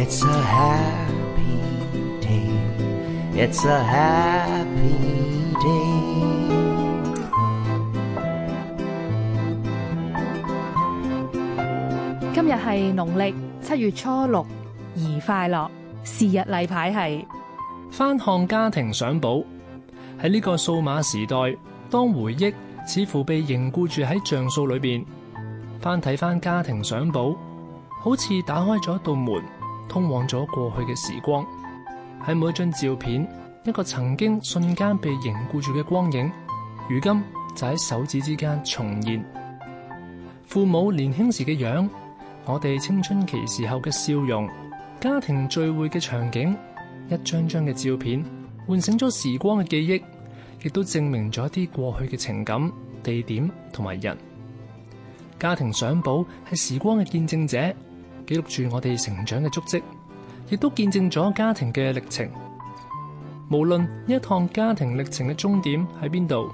It's a happy day. It's a happy day. 今日係農曆七月初六，宜快樂，是日例牌係翻看家庭相簿。喺呢個數碼時代，當回憶似乎被凝固住喺像素裏邊，翻睇翻家庭相簿。好似打開咗一道門，通往咗過去嘅時光。喺每張照片，一個曾經瞬間被凝固住嘅光影，如今就喺手指之間重現。父母年輕時嘅樣，我哋青春期時候嘅笑容，家庭聚會嘅場景，一張張嘅照片喚醒咗時光嘅記憶，亦都證明咗一啲過去嘅情感、地點同埋人。家庭相簿係時光嘅見證者。記錄住我哋成長嘅足迹，亦都見證咗家庭嘅歷程。無論呢一趟家庭歷程嘅終點喺邊度，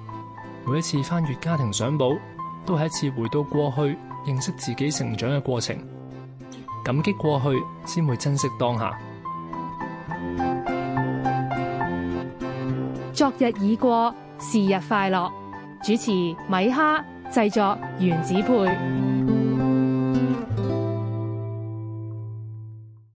每一次翻閱家庭相簿，都係一次回到過去，認識自己成長嘅過程。感激過去，先會珍惜當下。昨日已過，是日快樂。主持米哈，製作原子配。